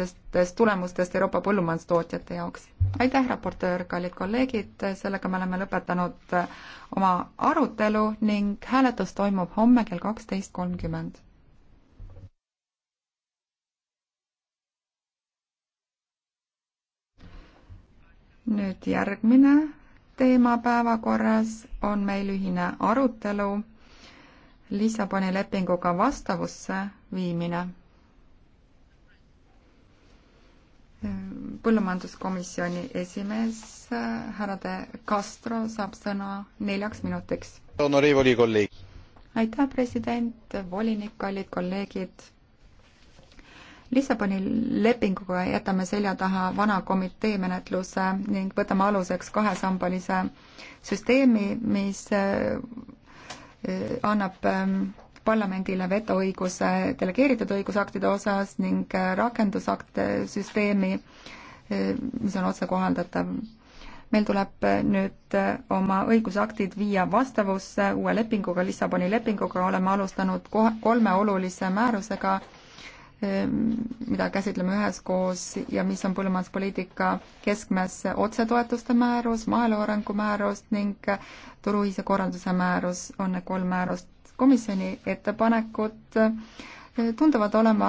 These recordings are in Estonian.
positiivsetest tulemustest Euroopa põllumajandustootjate jaoks. aitäh, raportöör, kallid kolleegid, sellega me oleme lõpetanud oma arutelu ning hääletus toimub homme kell kaksteist kolmkümmend. nüüd järgmine teema päevakorras on meil ühine arutelu Lissaboni lepinguga vastavusse viimine põllumajanduskomisjoni esimees äh, härra De Castro saab sõna neljaks minutiks. aitäh, president, volinik, kallid kolleegid. Lissaboni lepinguga jätame selja taha vana komitee menetluse ning võtame aluseks kahesambalise süsteemi, mis äh, annab ähm, parlamendile vetoõiguse delegeeritud õigusaktide osas ning äh, rakendusaktide süsteemi, äh, mis on otsekohaldatav. meil tuleb äh, nüüd oma õigusaktid viia vastavusse uue lepinguga, Lissaboni lepinguga, oleme alustanud kolme olulise määrusega, ähm, mida käsitleme üheskoos ja mis on põllumajanduspoliitika keskmes otsetoetuste määrus, maaelu arengu määrus ning turuühise korralduse määrus on need kolm määrust komisjoni ettepanekud eh, tunduvad olema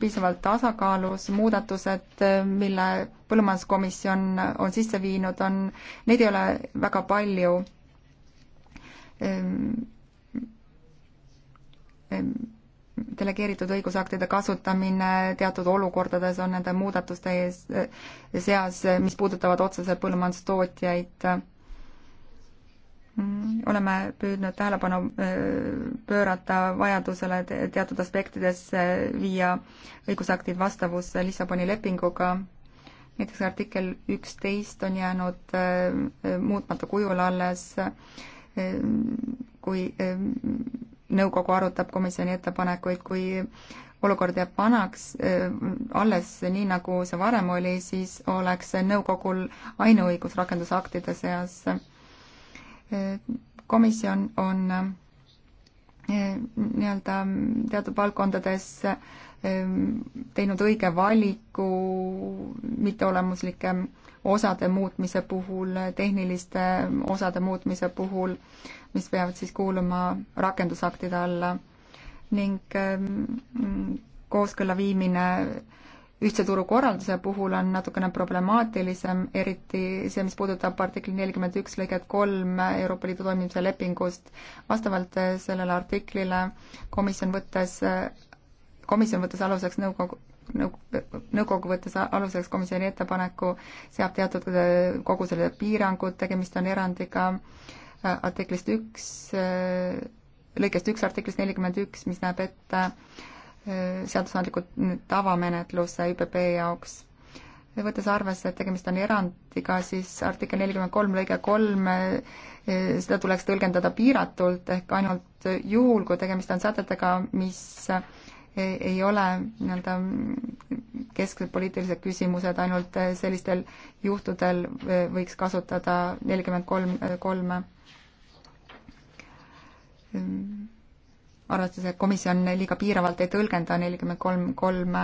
piisavalt tasakaalus, muudatused, eh, mille põllumajanduskomisjon on sisse viinud, on, neid ei ole väga palju. Ehm, ehm, delegeeritud õigusaktide kasutamine teatud olukordades on nende muudatuste ees, eh, seas, mis puudutavad otseselt põllumajandustootjaid oleme püüdnud tähelepanu äh, pöörata vajadusele teatud aspektides viia õigusaktid vastavusse Lissaboni lepinguga. näiteks artikkel üksteist on jäänud äh, muutmata kujul alles, äh, kui nõukogu arutab komisjoni ettepanekuid, kui olukord jääb vanaks, alles nii, nagu see varem oli, siis oleks nõukogul ainuõigus rakendusaktides seas komisjon on äh, nii-öelda teatud valdkondades äh, teinud õige valiku mitteolemuslike osade muutmise puhul, tehniliste osade muutmise puhul, mis peavad siis kuuluma rakendusaktide alla ning ähm, kooskõlla viimine ühtse turu korralduse puhul on natukene problemaatilisem, eriti see, mis puudutab artikli nelikümmend üks lõiget kolm Euroopa Liidu toimimise lepingust. vastavalt äh, sellele artiklile komisjon võttes, äh, komisjon võttes aluseks nõukogu nõukogu, nõukogu võttes aluseks komisjoni ettepaneku, seab teatud äh, kogusele piirangud, tegemist on erandiga artiklist üks, lõikest üks artiklist nelikümmend üks, mis näeb ette äh, Äh, seadusandliku tavamenetluse ÜPP jaoks. võttes arvesse, et tegemist on erandiga, siis artikkel nelikümmend kolm lõige kolm, äh, seda tuleks tõlgendada piiratult, ehk ainult juhul, kui tegemist on sätetega, mis äh, ei ole nii-öelda kesksed poliitilised küsimused, ainult sellistel juhtudel võiks kasutada nelikümmend kolm, kolme arvates, et komisjon liiga piiravalt ei tõlgenda nelikümmend kolm, kolm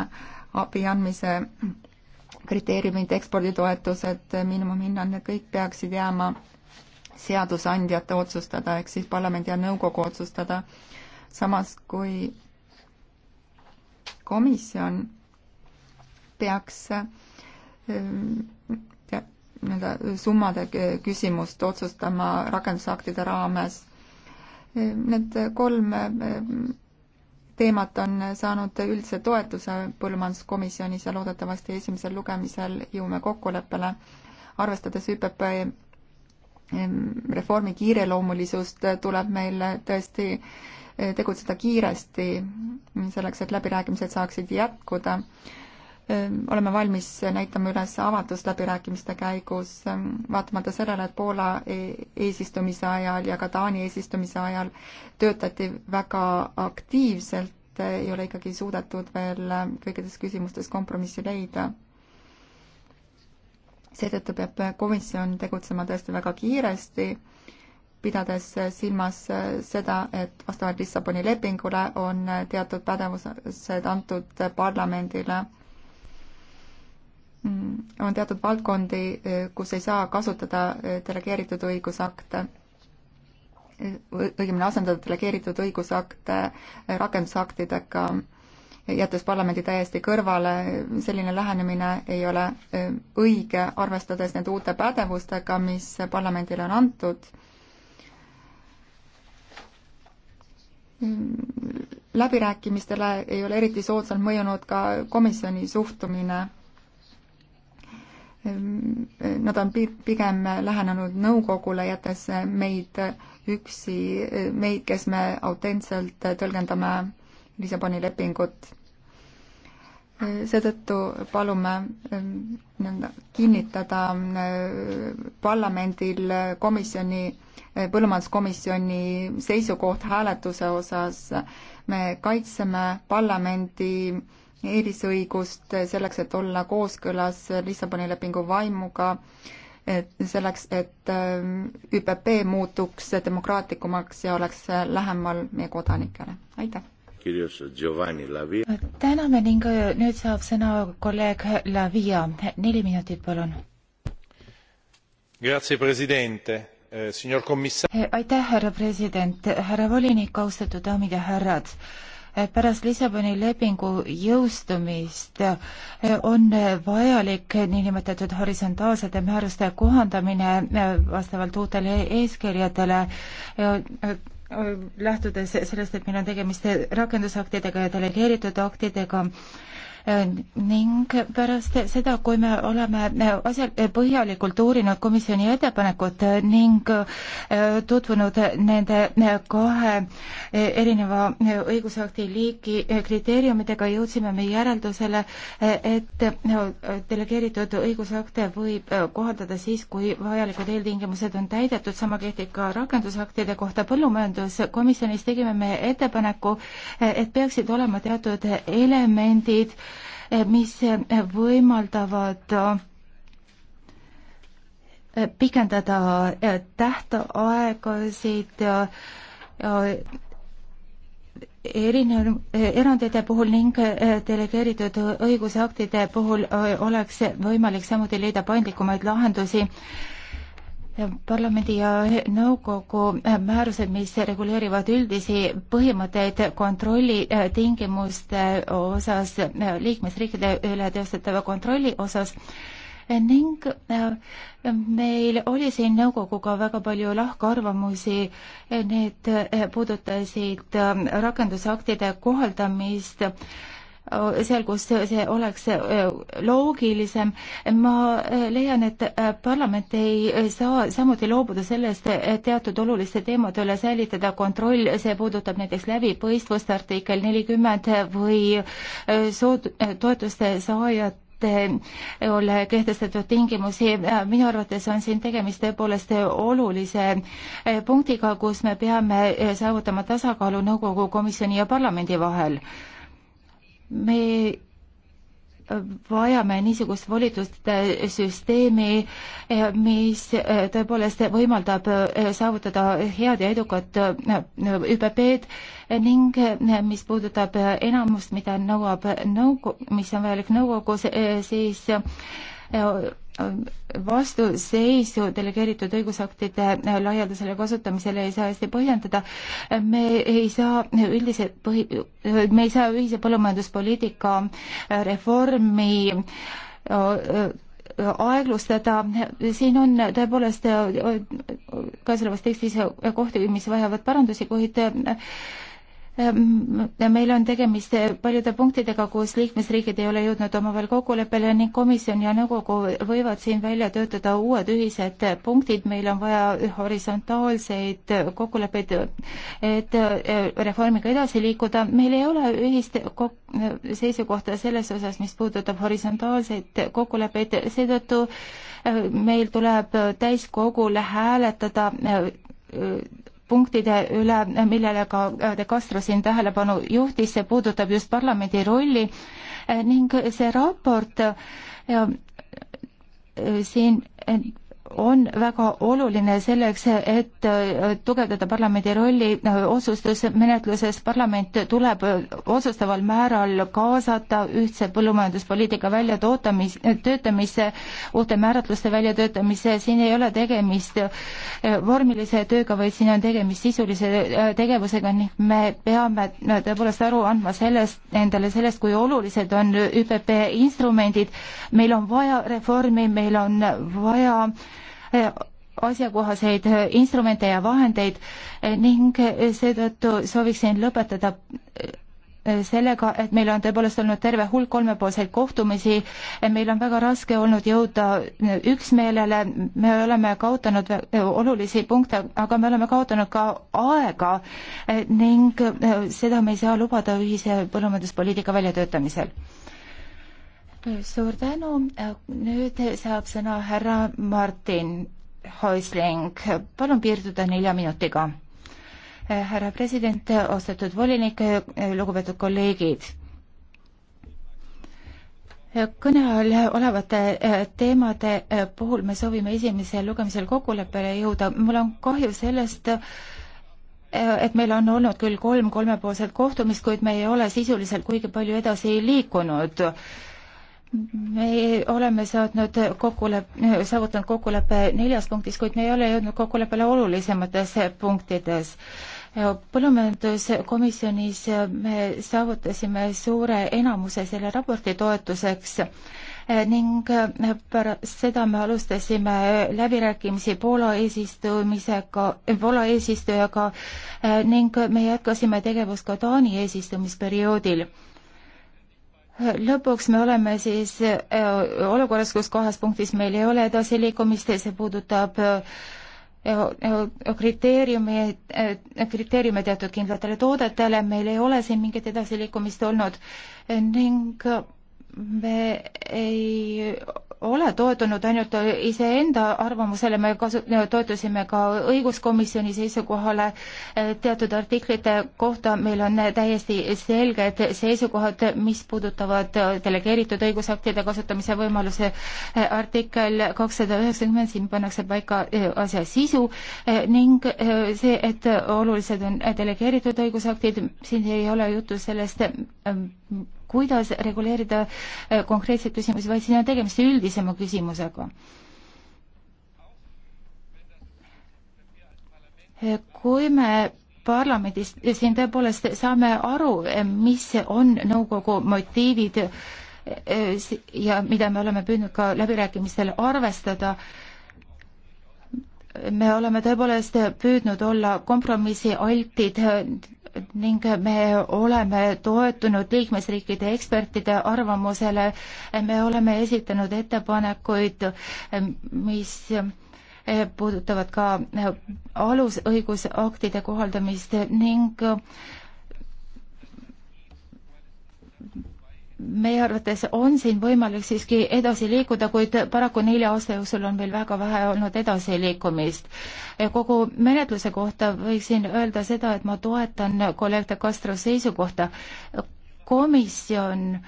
abi andmise kriteeriumid, eksporditoetused, miinimumhinnad, need kõik peaksid jääma seadusandjate otsustada, ehk siis parlamendi ja nõukogu otsustada. samas kui komisjon peaks äh, nii-öelda summade küsimust otsustama rakendusaktide raames Need kolm eh, teemat on saanud üldse toetuse põllumajanduskomisjonis ja loodetavasti esimesel lugemisel jõuame kokkuleppele, arvestades ÜPP eh, reformi kiireloomulisust, tuleb meil tõesti eh, tegutseda kiiresti, selleks et läbirääkimised saaksid jätkuda Ehm, oleme valmis näitama üles avatust läbirääkimiste käigus, ehm, vaatamata sellele, et Poola e-, eesistumise ajal ja ka Taani eesistumise ajal töötati väga aktiivselt, eh, ei ole ikkagi suudetud veel ehm, kõikides küsimustes kompromissi leida. seetõttu peab komisjon tegutsema tõesti väga kiiresti, pidades silmas eh, seda, et vastavalt Lissaboni lepingule on eh, teatud pädevused antud parlamendile Mm, on teatud valdkondi, e, kus ei saa kasutada e, delegeeritud õigusakte, e, õigemini asendada delegeeritud õigusakte rakendusaktidega, jättes parlamendi täiesti kõrvale, selline lähenemine ei ole õige, arvestades nende uute pädevustega, mis parlamendile on antud läbirääkimistele ei ole eriti soodsalt mõjunud ka komisjoni suhtumine Nad on pigem lähenenud nõukogule, jättes meid üksi, meid, kes me autentselt tõlgendame Lissaboni lepingut. seetõttu palume ehm, nii-öelda kinnitada ehm, parlamendil komisjoni, ehm, põllumajanduskomisjoni seisukoht hääletuse osas. me kaitseme parlamendi eelisõigust selleks, et olla kooskõlas Lissaboni lepingu vaimuga, selleks, et ähm, ÜPP muutuks demokraatlikumaks ja oleks lähemal meie kodanikele. aitäh! täname ning nüüd saab sõna kolleeg Lavia, neli minutit, palun. Eh, eh, aitäh, härra president, härra volinik, austatud daamid ja härrad pärast Lissaboni lepingu jõustumist eh, on vajalik niinimetatud horisontaalsete määruste kohandamine eh, vastavalt uutele eeskirjadele eh, lähtudes sellest, et meil on tegemist rakendusaktidega ja delegeeritud aktidega ning pärast seda, kui me oleme asjal põhjalikult uurinud komisjoni ettepanekut ning äh, tutvunud nende äh, kahe äh, erineva õigusakti liigi kriteeriumidega, jõudsime me järeldusele, et delegeeritud õigusakte võib kohaldada siis, kui vajalikud eeltingimused on täidetud, sama kehtib ka rakendusaktide kohta põllumajanduskomisjonis tegime me ettepaneku, et peaksid olema teatud elemendid, mis võimaldavad eh, pikendada eh, tähtaegasid eh, erinev, erandite puhul ning delegeeritud õigusaktide puhul oleks võimalik samuti leida paindlikumaid lahendusi parlamendi ja nõukogu äh, määrused, mis reguleerivad üldisi põhimõtteid kontrolli äh, tingimuste osas, äh, liikmesriikide üle teostatava kontrolli osas ning meil oli siin nõukoguga väga palju lahkarvamusi, need puudutasid rakendusaktide kohaldamist Äh, seal, kus see oleks äh, loogilisem. ma äh, leian, et parlament ei saa samuti loobuda sellest, et teatud oluliste teemade üle säilitada kontroll, see puudutab näiteks läbipõistvust artikkel nelikümmend või sood-, toetuste saajat ei ole kehtestatud tingimusi, minu arvates on siin tegemist tõepoolest olulise punktiga, kus me peame saavutama tasakaalu nõukogu, komisjoni ja parlamendi vahel me vajame niisugust volituste süsteemi, mis eh, tõepoolest võimaldab eh, saavutada head ja edukat eh, ÜPP-d ning mis puudutab enamust, mida nõuab nõukogu, mis on vajalik nõukogus, siis vastuseisu delegeeritud õigusaktide laialdasele kasutamisele ei saa hästi põhjendada. me ei saa üldise põhi, me ei saa ühise põllumajanduspoliitika reformi aeglustada, siin on tõepoolest käesolevas tekstis kohti, mis vajavad parandusi, kuid Ehm, meil on tegemist eh, paljude punktidega, kus liikmesriigid ei ole jõudnud omavahel kokkuleppele ning komisjon ja nõukogu võivad siin välja töötada uued ühised punktid, meil on vaja horisontaalseid kokkuleppeid, et eh, reformiga edasi liikuda, meil ei ole ühist seisukohta selles osas, mis puudutab horisontaalseid kokkuleppeid, seetõttu eh, meil tuleb täiskogul hääletada punktide üle, millele ka äh, De Castro siin tähelepanu juhtis, see puudutab just parlamendi rolli äh, ning see raport ja äh, siin on väga oluline selleks, et äh, tugevdada parlamendi rolli äh, otsustusmenetluses. parlament tuleb äh, otsustaval määral kaasata ühtse põllumajanduspoliitika väljatootamis, töötamisse, uute määratluste väljatöötamisse. siin ei ole tegemist vormilise tööga, vaid siin on tegemist sisulise tegevusega ning me peame tõepoolest aru andma sellest, endale sellest, kui olulised on ÜPP instrumendid. meil on vaja reformi, meil on vaja äh, Eh, asjakohaseid eh, instrumente ja vahendeid eh, ning seetõttu sooviksin lõpetada sellega, et meil on tõepoolest olnud terve hulk kolmepoolseid kohtumisi, meil on väga raske olnud jõuda üksmeelele, me oleme kaotanud olulisi punkte, aga me oleme kaotanud ka aega ning seda me ei saa lubada ühise põllumajanduspoliitika väljatöötamisel suur tänu, nüüd saab sõna härra Martin Häusling, palun piirduda nelja minutiga. härra president, austatud volinik, lugupeetud kolleegid kõne all olevate teemade puhul me soovime esimesel lugemisel kokkuleppele jõuda. mul on kahju sellest, et meil on olnud küll kolm kolmepoolset kohtumist, kuid me ei ole sisuliselt kuigi palju edasi liikunud me oleme saatnud kokkuleppe, saavutanud kokkuleppe neljas punktis, kuid me ei ole jõudnud kokkuleppele olulisemates punktides. põllumajanduskomisjonis me saavutasime suure enamuse selle raporti toetuseks ning pärast seda me alustasime läbirääkimisi Poola eesistumisega, Poola eesistujaga ning me jätkasime tegevust ka Taani eesistumisperioodil lõpuks me oleme siis äh, olukorras, kus kohas punktis meil ei ole edasiliikumist ja see puudutab äh, äh, kriteeriumi, kriteeriume teatud kindlatele toodetele, meil ei ole siin mingit edasiliikumist olnud ning me ei ole toetunud ainult iseenda arvamusele, me kasu-, toetusime ka õiguskomisjoni seisukohale eh, teatud artiklite kohta, meil on täiesti selged seisukohad, mis puudutavad eh, delegeeritud õigusaktide kasutamise võimaluse eh, artikkel kakssada üheksakümmend, siin pannakse paika asja sisu ning see, et olulised on delegeeritud õigusaktid, siin ei ole juttu sellest, kuidas reguleerida äh, konkreetseid küsimusi, vaid siin on tegemist üldisema küsimusega. kui me parlamendis siin tõepoolest saame aru, äh, mis on nõukogu motiivid äh, ja mida me oleme püüdnud ka läbirääkimistel arvestada, me oleme tõepoolest püüdnud olla kompromissi altid ning me oleme toetunud liikmesriikide ekspertide arvamusele. me oleme esitanud ettepanekuid, mis puudutavad ka alusõigusaktide kohaldamist ning meie arvates on siin võimalik siiski edasi liikuda, kuid paraku nelja aasta jooksul on meil väga vähe olnud edasiliikumist. kogu menetluse kohta võiksin öelda seda, et ma toetan kolleeg De Castro seisukohta. komisjon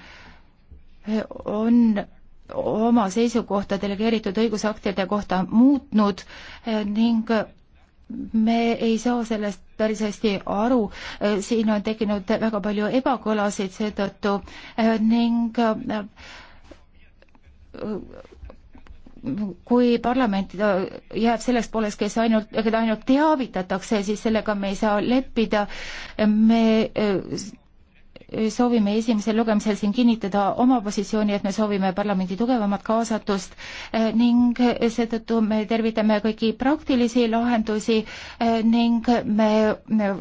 on oma seisukohta delegeeritud õigusaktide kohta muutnud ning me ei saa sellest päris hästi aru, siin on tekkinud väga palju ebakõlasid seetõttu eh, ning eh, kui parlament eh, jääb selleks pooleks, kes ainult, keda ainult teavitatakse, siis sellega me ei saa leppida. me soovime esimesel lugemisel siin kinnitada oma positsiooni, et me soovime parlamendi tugevamat kaasatust eh, ning seetõttu me tervitame kõiki praktilisi lahendusi eh, ning me, me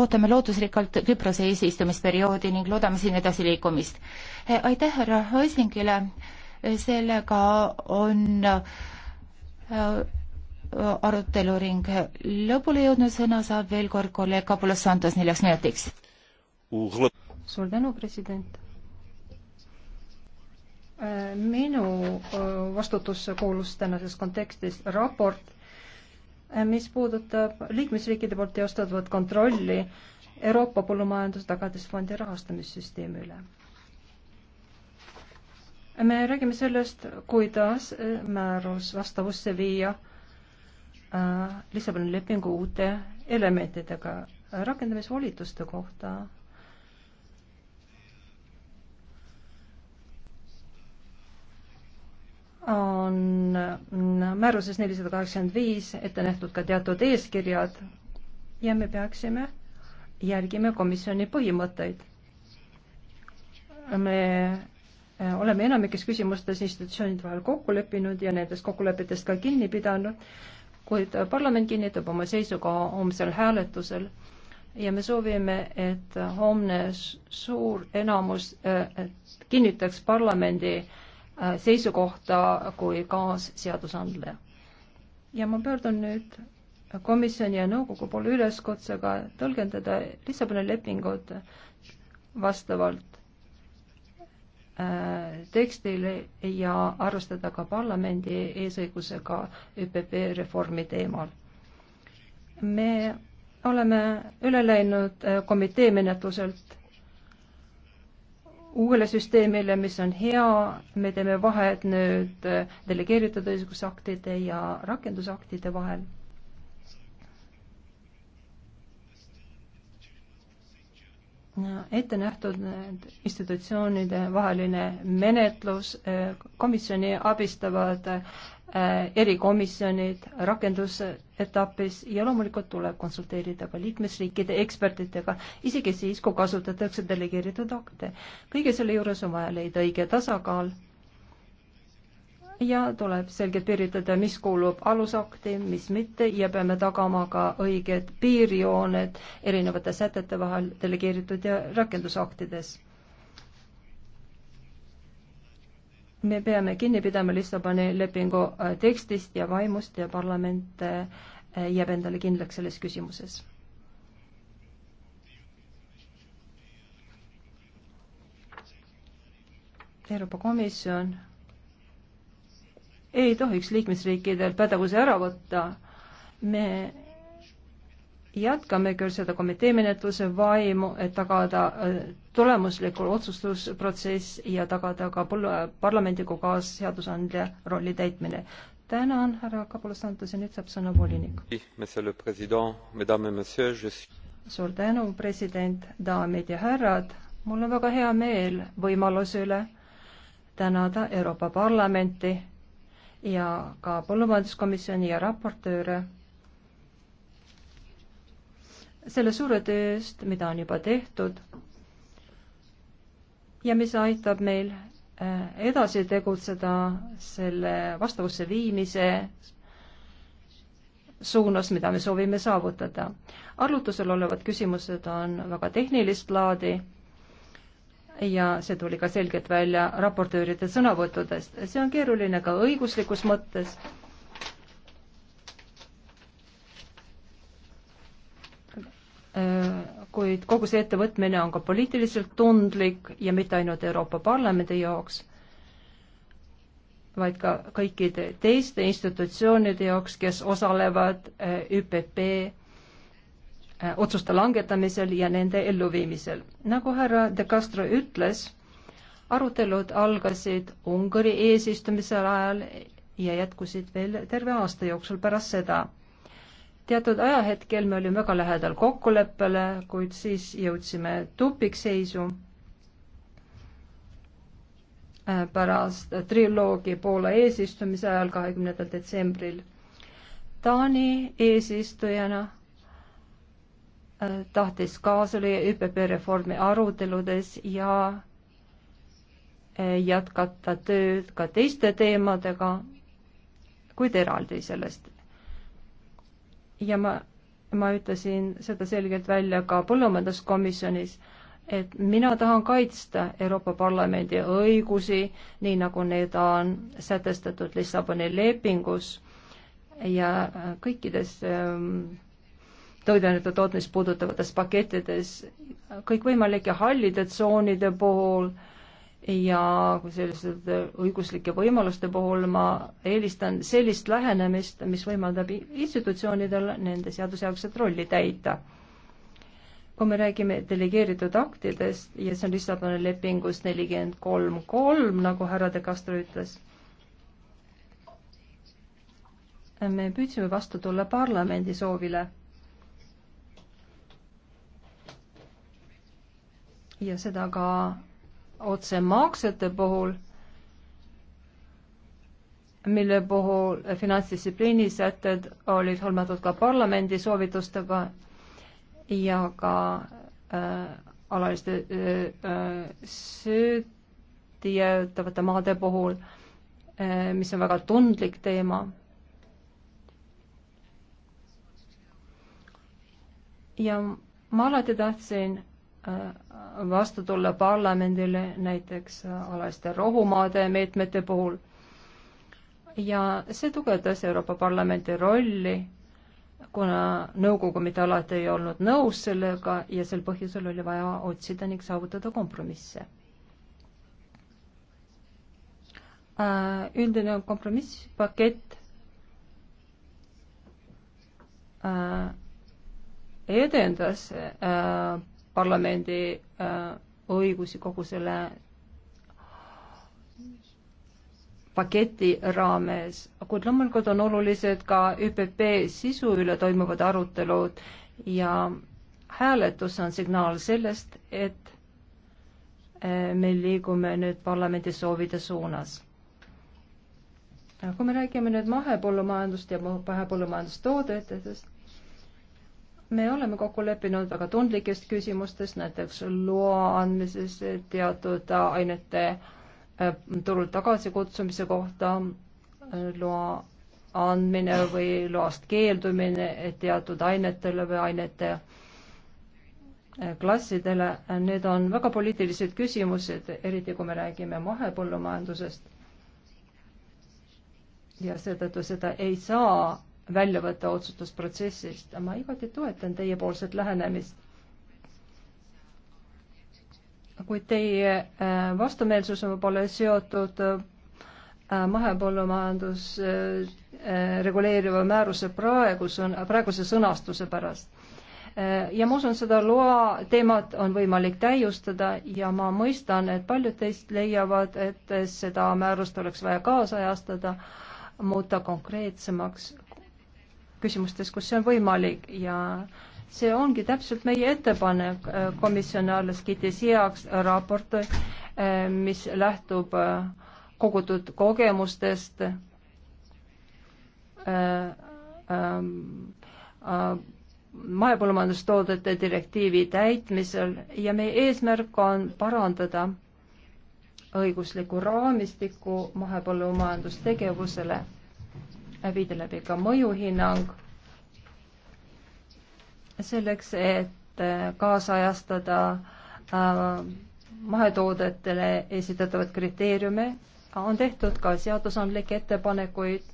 ootame lootusrikkalt Küprose eesistumisperioodi ning loodame siin edasiliikumist. Eh, aitäh härra Ossingile, sellega on aruteluring lõpule jõudnud, sõna saab veel kord kolleeg Kabulas Santos neljaks minutiks suur tänu, president. minu vastutusse kuulus tänases kontekstis raport, mis puudutab liikmesriikide poolt teostatavat kontrolli Euroopa Põllumajandustagatisfondi rahastamissüsteemi üle. me räägime sellest, kuidas määrus vastavusse viia Lissaboni lepingu uute elementidega rakendamisvolituste kohta on määruses nelisada kaheksakümmend viis ette nähtud ka teatud eeskirjad ja me peaksime järgima komisjoni põhimõtteid. me oleme enamikes küsimustes institutsioonide vahel kokku leppinud ja nendest kokkulepetest ka kinni pidanud, kuid parlament kinnitab oma seisukoha homsel hääletusel ja me soovime, et homne suur enamus äh, kinnitaks parlamendi äh, seisukohta kui kaasseadusandleja. ja ma pöördun nüüd komisjoni ja nõukogu poole üleskutsega tõlgendada Lissaboni lepingut vastavalt äh, tekstile ja arvestada ka parlamendi eesõigusega ÜPP reformi teemal. me oleme üle läinud äh, komitee menetluselt uuele süsteemile, mis on hea, me teeme vahet nüüd äh, delegeeritud õigusaktide ja rakendusaktide vahel. ette nähtud institutsioonide vaheline menetlus, äh, komisjoni abistavad äh, Äh, erikomisjonid rakendusetapis ja loomulikult tuleb konsulteerida ka liikmesriikide ekspertidega, isegi siis, kui kasutatakse delegeeritud akte. kõige selle juures on vaja leida õige tasakaal ja tuleb selgelt piiritleda, mis kuulub alusakti, mis mitte ja peame tagama ka õiged piirjooned erinevate sätete vahel delegeeritud ja rakendusaktides me peame kinni pidama Lissaboni lepingu äh, tekstist ja vaimust ja parlament äh, jääb endale kindlaks selles küsimuses. Euroopa Komisjon ei tohiks liikmesriikidel pädevuse ära võtta. me jätkame küll seda komitee menetluse vaimu, et tagada äh, tulemuslikul otsustusprotsess ja tagada ka parlamendi kui kaasseadusandja rolli täitmine. tänan, härra Kapolas-Santos ja nüüd saab sõna volinik. suur tänu, president, daamid ja härrad, mul on väga hea meel võimaluse üle tänada Euroopa Parlamenti ja ka põllumajanduskomisjoni ja raportööre selle suure töö eest, mida on juba tehtud ja mis aitab meil äh, edasi tegutseda selle vastavusse viimise suunas, mida me soovime saavutada. arutlusel olevad küsimused on väga tehnilist laadi ja see tuli ka selgelt välja raportööride sõnavõttudest. see on keeruline ka õiguslikus mõttes Äh, kuid kogu see ettevõtmine on ka poliitiliselt tundlik ja mitte ainult Euroopa Parlamendi jaoks, vaid ka kõikide teiste institutsioonide jaoks, kes osalevad äh, ÜPP äh, otsuste langetamisel ja nende elluviimisel. nagu härra De Castro ütles, arutelud algasid Ungari eesistumise ajal ja jätkusid veel terve aasta jooksul pärast seda teatud ajahetkel me olime väga lähedal kokkuleppele, kuid siis jõudsime tupikseisu äh, pärast triloogi Poola eesistumise ajal, kahekümnendal detsembril. Taani eesistujana äh, tahtis kaasa lüüa ÜPP reformi aruteludes ja äh, jätkata tööd ka teiste teemadega, kuid eraldi sellest ja ma, ma ütlesin seda selgelt välja ka põllumajanduskomisjonis, et mina tahan kaitsta Euroopa Parlamendi õigusi, nii nagu need on sätestatud Lissaboni lepingus ja kõikides ähm, toiduainete tootmist puudutavates pakettides, kõikvõimalike hallide tsoonide puhul äh,, ja kui selliste õiguslike võimaluste puhul ma eelistan sellist lähenemist, mis võimaldab institutsioonidel nende seadusjärgset rolli täita. kui me räägime delegeeritud aktidest ja see on Lissaboni lepingus nelikümmend kolm kolm, nagu härra de Castro ütles, me püüdsime vastu tulla parlamendi soovile ja seda ka otsemaksete puhul, mille puhul finantsdistsipliini sätted olid hõlmatud ka parlamendi soovitustega ja ka äh, alaliste äh, äh süüdijatavate maade puhul äh,, mis on väga tundlik teema ja ma alati tahtsin äh, vastu tulla parlamendile näiteks alaste rohumaade meetmete puhul. ja see tugevdas Euroopa Parlamendi rolli, kuna nõukogu mitte alati ei olnud nõus sellega ja sel põhjusel oli vaja otsida ning saavutada kompromisse. Äh, üldine kompromisspakett äh, edendas äh, parlamendi Äh, õigusi kogu selle paketi raames, kuid loomulikult on olulised ka ÜPP sisu üle toimuvad arutelud ja hääletus on signaal sellest, et äh, me liigume nüüd parlamendi soovide suunas. kui me räägime nüüd mahepõllumajandust ja mahepõllumajandustoodet, me oleme kokku leppinud väga tundlikest küsimustest, näiteks loa andmises teatud ainete äh, turult tagasikutsumise kohta, loa andmine või loast keeldumine teatud ainetele või ainete äh, klassidele, need on väga poliitilised küsimused, eriti kui me räägime mahepõllumajandusest. ja seetõttu seda ei saa välja võtta otsustusprotsessist. ma igati toetan teiepoolset lähenemist. kuid teie äh, vastumeelsus on võib-olla seotud äh, mahepõllumajandus äh, reguleeriva määruse praeguse, praeguse sõnastuse pärast. ja ma usun, seda loa teemat on võimalik täiustada ja ma mõistan, et paljud teist leiavad, et seda määrust oleks vaja kaasajastada, muuta konkreetsemaks küsimustes, kus see on võimalik ja see ongi täpselt meie ettepanek, äh, komisjon alles kiitis heaks raport, äh, mis lähtub äh, kogutud kogemustest mahepõllumajandustoodete direktiivi täitmisel ja meie eesmärk on parandada õigusliku raamistiku mahepõllumajandustegevusele viidi läbi ka mõjuhinnang selleks, et äh, kaasajastada äh, mahetoodetele esitatavaid kriteeriume, on tehtud ka seadusandlikke ettepanekuid,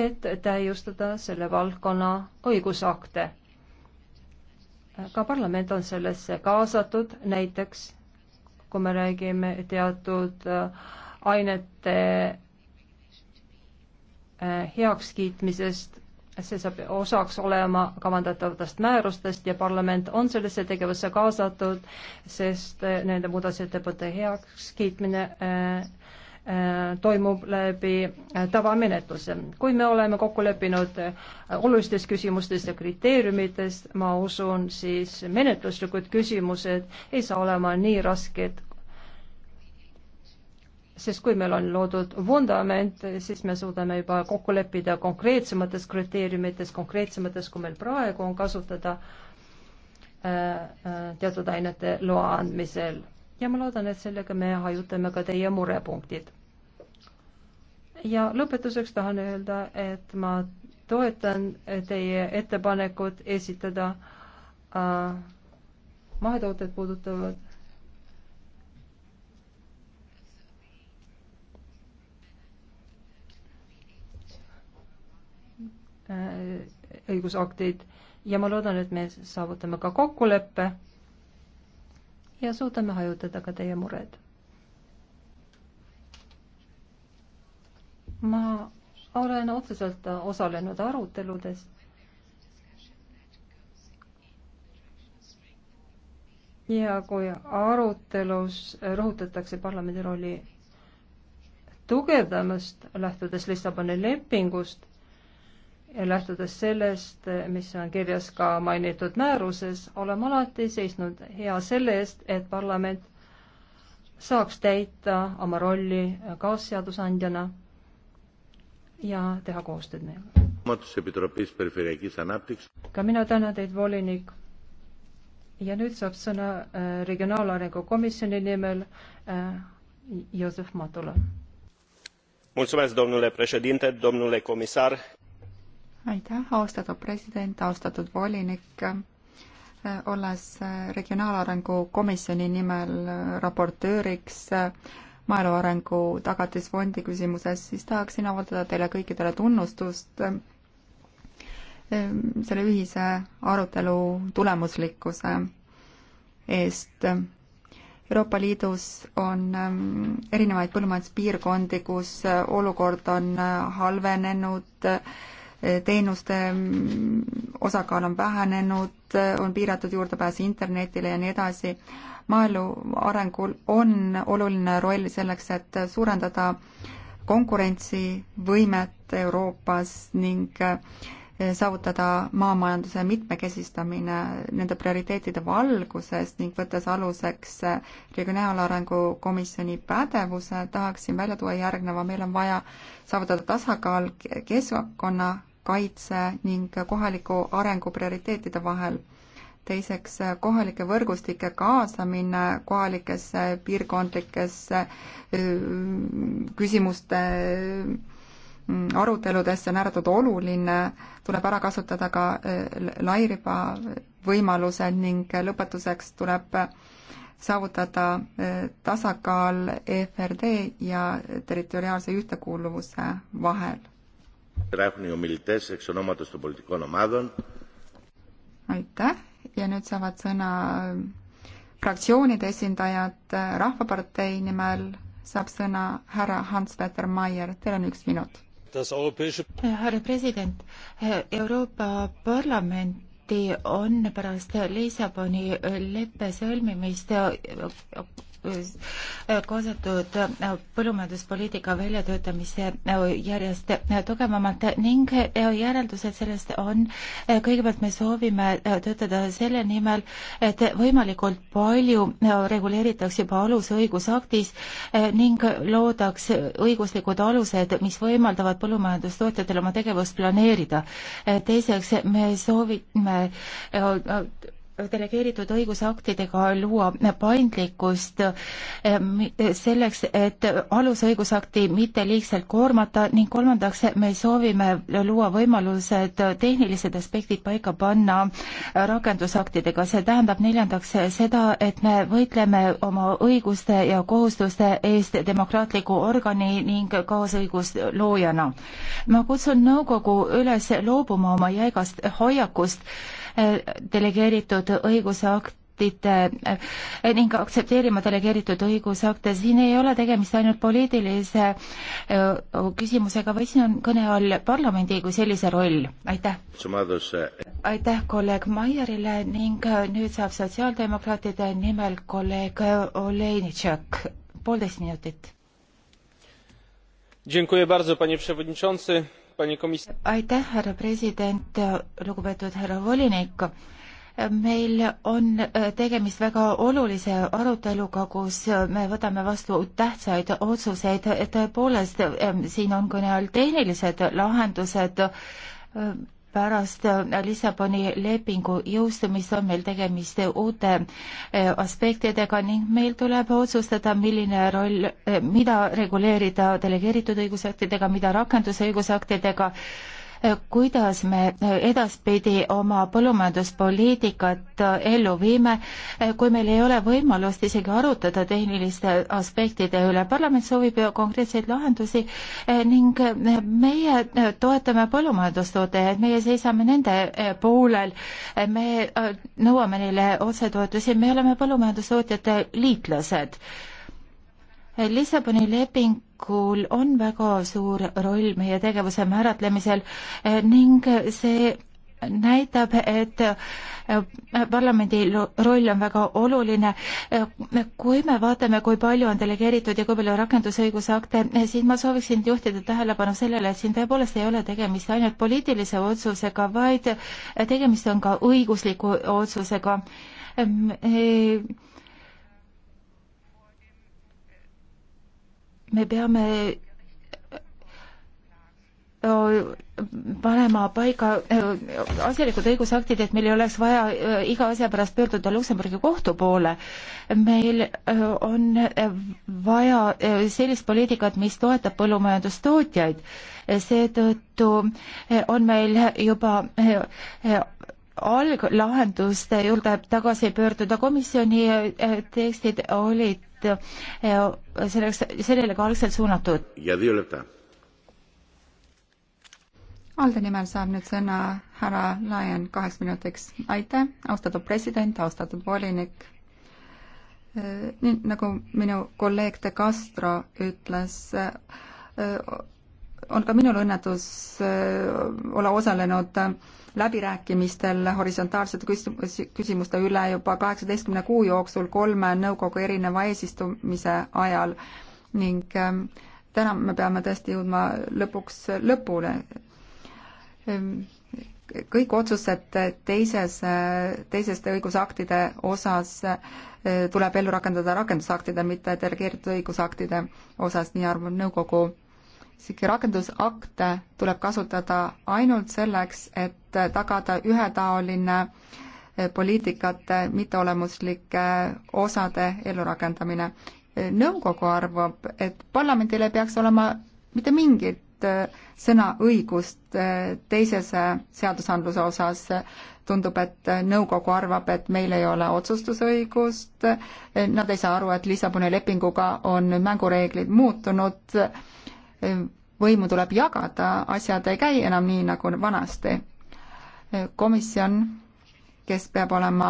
et täiustada selle valdkonna õigusakte. ka parlament on sellesse kaasatud, näiteks kui me räägime teatud äh, ainete Eh, heakskiitmisest, see saab osaks olema kavandatavatest määrustest ja parlament on sellesse tegevusse kaasatud, sest eh, nende muudatusettepanekute heakskiitmine äh, toimub läbi tavamenetluse. kui me oleme kokku leppinud olulistes küsimustes ja kriteeriumites, ma usun, siis menetluslikud küsimused ei saa olema nii rasked sest kui meil on loodud vundament, siis me suudame juba kokku leppida konkreetsemates kriteeriumites, konkreetsemates, kui meil praegu on kasutada äh, äh, teatud ainete loa andmisel. ja ma loodan, et sellega me hajutame ka teie murepunktid. ja lõpetuseks tahan öelda, et ma toetan teie ettepanekut esitada äh, mahetooted puudutavad Äh, õigusaktid ja ma loodan, et me saavutame ka kokkuleppe ja suudame hajutada ka teie mured. ma olen otseselt osalenud aruteludes ja kui arutelus rõhutatakse parlamendi rolli tugevdamist, lähtudes Lissaboni lepingust, lähtudes sellest, mis on kirjas ka mainitud määruses, oleme alati seisnud hea selle eest, et parlament saaks täita oma rolli kaasseadusandjana ja teha koostööd meiega. ka mina tänan teid, volinik. ja nüüd saab sõna äh, Regionaalarengu Komisjoni nimel äh, Joosep Matula. mulțumesc, domnule președinte, domnule comisar, aitäh, austatud president, austatud volinik. Äh, olles äh, Regionaalarengu Komisjoni nimel äh, raportööriks maaelu arengu tagatisfondi küsimuses, siis tahaksin avaldada teile kõikidele tunnustust selle ühise arutelu tulemuslikkuse eest. Euroopa Liidus on erinevaid põllumajanduspiirkondi, kus olukord on halvenenud, teenuste mm, osakaal on vähenenud, on piiratud juurdepääs internetile ja nii edasi. maaelu arengul on oluline roll selleks, et suurendada konkurentsivõimet Euroopas ning eh, saavutada maamajanduse mitmekesistamine nende prioriteetide valguses ning võttes aluseks eh, Regionaalarengu Komisjoni pädevuse, tahaksin välja tuua järgneva, meil on vaja saavutada tasakaal keskkonna kaitse ning kohaliku arengu prioriteetide vahel. teiseks, kohalike võrgustike kaasamine kohalikesse piirkondlikesse küsimuste mm, aruteludesse on ääretult oluline, tuleb ära kasutada ka lairiba võimalused ning lõpetuseks tuleb saavutada tasakaal EFRD ja territoriaalse ühtekuuluvuse vahel aitäh ja nüüd saavad sõna fraktsioonide esindajad Rahvapartei nimel saab sõna härra Hans-Peter Maier, teil on üks minut. härra president, Euroopa Parlament on pärast Lissaboni leppe sõlmimist kaasatud põllumajanduspoliitika väljatöötamisse järjest tugevamalt ning järeldused sellest on, kõigepealt me soovime töötada selle nimel, et võimalikult palju reguleeritakse juba alusõigusaktis ning loodaks õiguslikud alused, mis võimaldavad põllumajandustootjatel oma tegevust planeerida. teiseks, me soovime delegeeritud õigusaktidega luua paindlikkust eh, selleks, et alusõigusakti mitte liigselt koormata ning kolmandaks, me soovime luua võimalused tehnilised aspektid paika panna rakendusaktidega, see tähendab neljandaks seda, et me võitleme oma õiguste ja kohustuste eest demokraatliku organi ning kaasõigusloojana. ma kutsun nõukogu üles loobuma oma jäigast hoiakust, delegeeritud õigusakt eh, ning aktsepteerima delegeeritud õigusakte. siin ei ole tegemist ainult poliitilise eh, küsimusega, vaid siin on kõne all parlamendi kui sellise roll. aitäh! aitäh kolleeg Maierile ning eh, nüüd saab sotsiaaldemokraatide nimel kolleeg Olejnitšak, poolteist minutit. Dziękuję bardzo, panie przewodniczący aitäh, härra president, lugupeetud härra volinik. meil on äh, tegemist väga olulise aruteluga, kus äh, me võtame vastu tähtsaid otsuseid, tõepoolest äh, siin on kõne all tehnilised lahendused pärast äh, Lissaboni lepingu jõustumist on meil tegemist äh, uute äh, aspektidega ning meil tuleb otsustada, milline roll, mida reguleerida delegeeritud õigusaktidega, mida rakendusõigusaktidega Eh, kuidas me eh, edaspidi oma põllumajanduspoliitikat eh, ellu viime, kui meil ei ole võimalust isegi arutada tehniliste aspektide üle. parlament soovib ju konkreetseid lahendusi ning meie toetame põllumajandustootajaid, meie seisame nende poolel, me nõuame neile otsetoetusi, me oleme põllumajandustootjate liitlased Lissaboni lepingul on väga suur roll meie tegevuse määratlemisel eh, ning see näitab, et eh, parlamendi roll on väga oluline. Eh, kui me vaatame, kui palju on delegeeritud ja kui palju rakendusõigusakte, siis ma sooviksin juhtida tähelepanu sellele, et siin tõepoolest ei ole tegemist ainult poliitilise otsusega, vaid tegemist on ka õigusliku otsusega me peame panema paika asjalikud õigusaktid, et meil ei oleks vaja iga asja pärast pöörduda Luksemburgi kohtu poole. meil on vaja sellist poliitikat, mis toetab põllumajandustootjaid. seetõttu on meil juba alglahenduste juurde tagasi pöörduda. komisjoni tekstid olid olid eh, selleks, sellele ka algselt suunatud. Alde nimel saab nüüd sõna härra Laian kaheks minutiks. aitäh, austatud president, austatud volinik. Eh, nii nagu minu kolleeg De Castro ütles, eh, on ka minul õnnetus olla osalenud läbirääkimistel horisontaalsete küsimuste üle juba kaheksateistkümne kuu jooksul kolme nõukogu erineva eesistumise ajal ning ähm, täna me peame tõesti jõudma lõpuks lõpule. Ähm, kõik otsused teises, teiseste õigusaktide osas äh, tuleb ellu rakendada rakendusaktide, mitte delegeeritud õigusaktide osas, nii arvab nõukogu siiski rakendusakte tuleb kasutada ainult selleks, et tagada ühetaoline eh, poliitikate mitteolemuslike eh, osade ellurakendamine. Eh, nõukogu arvab, et parlamendil ei peaks olema mitte mingit sõnaõigust teisese seadusandluse osas. tundub, et nõukogu arvab, et meil ei ole otsustusõigust, nad ei saa aru, et Lissaboni lepinguga on mängureeglid muutunud võimu tuleb jagada, asjad ei käi enam nii, nagu vanasti. komisjon, kes peab olema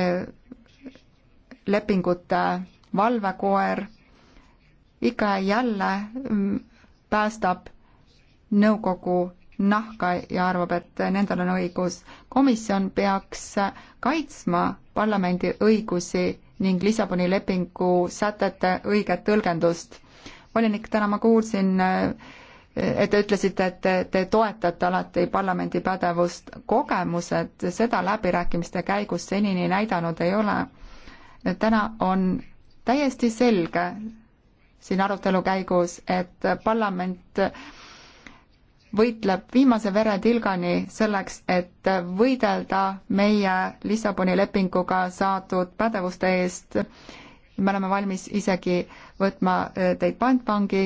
e, lepingute valvekoer, ikka ja jälle päästab nõukogu nahka ja arvab, et nendel on õigus. komisjon peaks kaitsma parlamendi õigusi ning Lissaboni lepingu sätete õiget tõlgendust volinik, täna ma kuulsin, et te ütlesite, et te, te toetate alati parlamendi pädevust. kogemused seda läbirääkimiste käigus senini näidanud ei ole. täna on täiesti selge siin arutelu käigus, et parlament võitleb viimase veretilgani selleks, et võidelda meie Lissaboni lepinguga saadud pädevuste eest me oleme valmis isegi võtma äh, teid pantvangi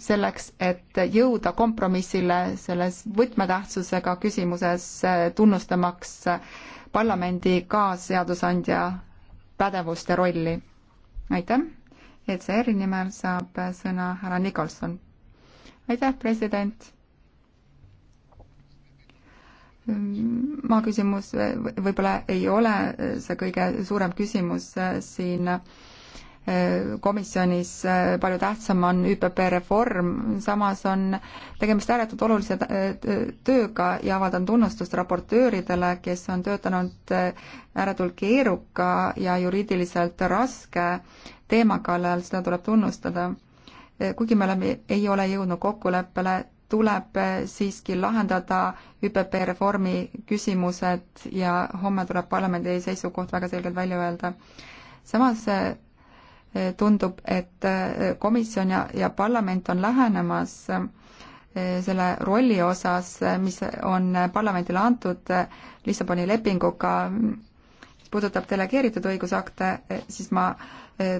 selleks, et jõuda kompromissile selles võtmetähtsusega küsimuses, äh, tunnustamaks äh, parlamendi kaasseadusandja pädevust ja rolli. aitäh! ECR-i nimel saab sõna härra Nikolson. aitäh, president! maa küsimus võib-olla ei ole see kõige suurem küsimus siin äh, komisjonis äh, palju tähtsam on ÜPP reform, samas on tegemist ääretult olulise äh, tööga ja avaldan tunnustust raportööridele, kes on töötanud äh, ääretult keeruka ja juriidiliselt raske teema kallal, seda tuleb tunnustada. kuigi me oleme, ei ole jõudnud kokkuleppele, tuleb siiski lahendada ÜPP reformi küsimused ja homme tuleb parlamendi seisukoht väga selgelt välja öelda. samas tundub, et eh, komisjon ja, ja parlament on lähenemas eh, selle rolli osas, mis on parlamendile antud eh, Lissaboni lepinguga, mis puudutab delegeeritud õigusakte, siis ma